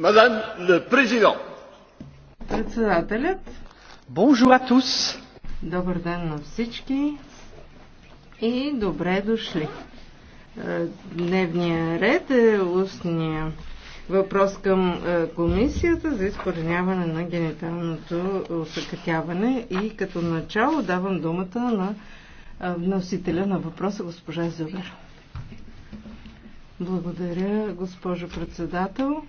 Мадам le président. Председателят. à атус. Добър ден на всички и добре дошли. Е, Дневния ред е устния въпрос към е, комисията за изкореняване на гениталното съкътяване и като начало давам думата на е, вносителя на въпроса госпожа Зюбер. Благодаря, госпожо председател.